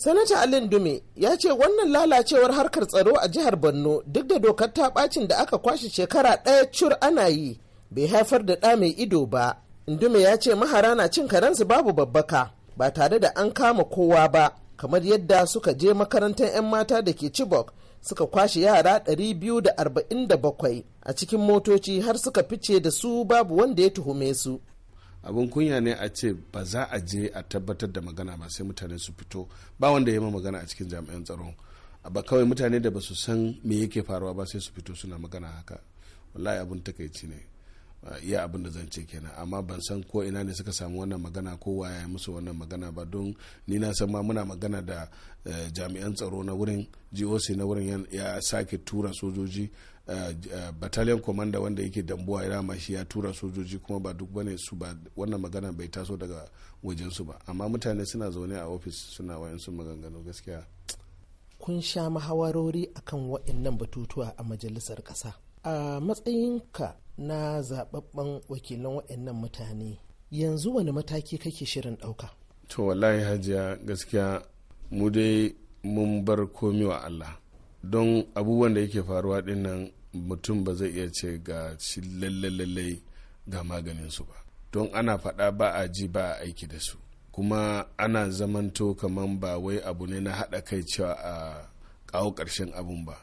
sanata alin dume ya ce wannan lalacewar harkar tsaro a jihar borno duk da dokar ta bacin da aka kwashe shekara ɗaya cur ana yi bai haifar da ɗa mai ido ba dume ya ce mahara na cin karensu babu babbaka ba tare da an kama kowa ba kamar yadda suka je makarantar 'yan mata da ke chibok suka kwashe yara 247 a cikin motoci har suka fice da su babu wanda ya tuhume su abin kunya ne a ce ba za a je a tabbatar da magana ba sai mutane su fito ba wanda ya ma magana a cikin jami'an tsaro ba kawai mutane da ba su san me yake faruwa ba sai su fito suna magana haka wallahi abin takaici ne iya abin da zan ce kenan amma ban san ko ina ne suka samu wannan magana ko waya musu wannan magana ba don ni na san ma muna magana da eh, jami'an tsaro na wurin goc na wurin ya sake tura sojoji eh, eh, battalion commanda wanda yake dambuwa ya ma shi ya tura sojoji kuma ba duk bane su ba wannan magana bai taso daga wajen su ba amma mutane suna zaune a ofis suna wayansu maganganu gaskiya kun sha mahawarori akan waɗannan batutuwa a majalisar ƙasa a matsayinka na zababben wakilan waɗannan mutane yanzu wani mataki kake shirin ɗauka to wallahi hajiya gaskiya mu dai mun bar komi wa allah don abubuwan da yake faruwa dinnan mutum ba zai iya ce ga shi lalle ga maganin su ba don ana faɗa ba a ji ba a aiki da su kuma ana zamanto kaman ba wai abu ne na haɗa kai cewa a kawo ƙarshen abun ba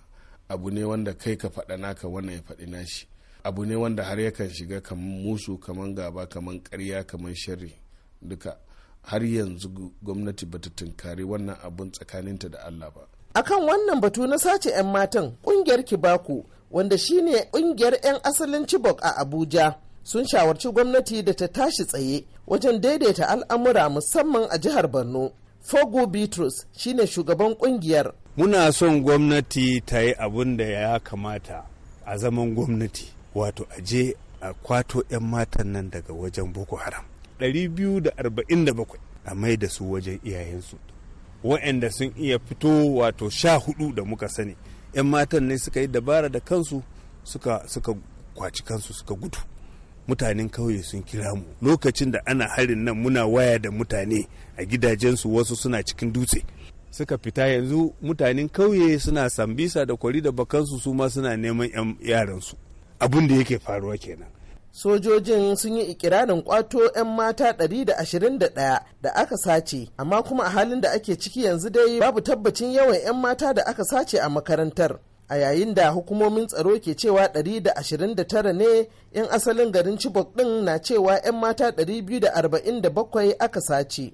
abu ne wanda kai ka faɗa naka wannan ya faɗi nashi abu ne wanda har yakan shiga kaman musu kaman gaba kaman ƙarya kaman sharri duka har yanzu gwamnati ba ta tunkari wannan abun tsakaninta da allah ba akan wannan batu na sace 'yan matan ƙungiyar kibaku wanda shine ƙungiyar 'yan asalin chibok a abuja sun shawarci gwamnati da ta tashi tsaye wajen daidaita al'amura musamman a jihar borno fogo bitrus shine shugaban kungiyar muna son gwamnati ta yi abin da ya kamata a zaman gwamnati wato a je a kwato 'yan matan nan daga wajen boko haram 247 a mai da su wajen iyayensu wa'anda sun iya fito wato sha hudu da muka sani 'yan matan ne suka yi dabara da kansu suka, suka kwaci kansu suka gudu mutanen kauye sun kira mu lokacin da ana harin nan muna waya da mutane a gidajensu wasu suna cikin dutse suka fita yanzu mutanen kauye suna sambisa da kwari da bakansu su ma suna neman 'yan yaransu abin da yake faruwa kenan sojojin sun yi ikirarin kwato 'yan mata 121 da aka sace amma kuma a halin da ake ciki yanzu dai babu tabbacin yawan 'yan mata da aka sace a makarantar a yayin da hukumomin tsaro ke cewa 129 ne 'yan asalin garin chibok din na cewa 'yan mata 247 aka sace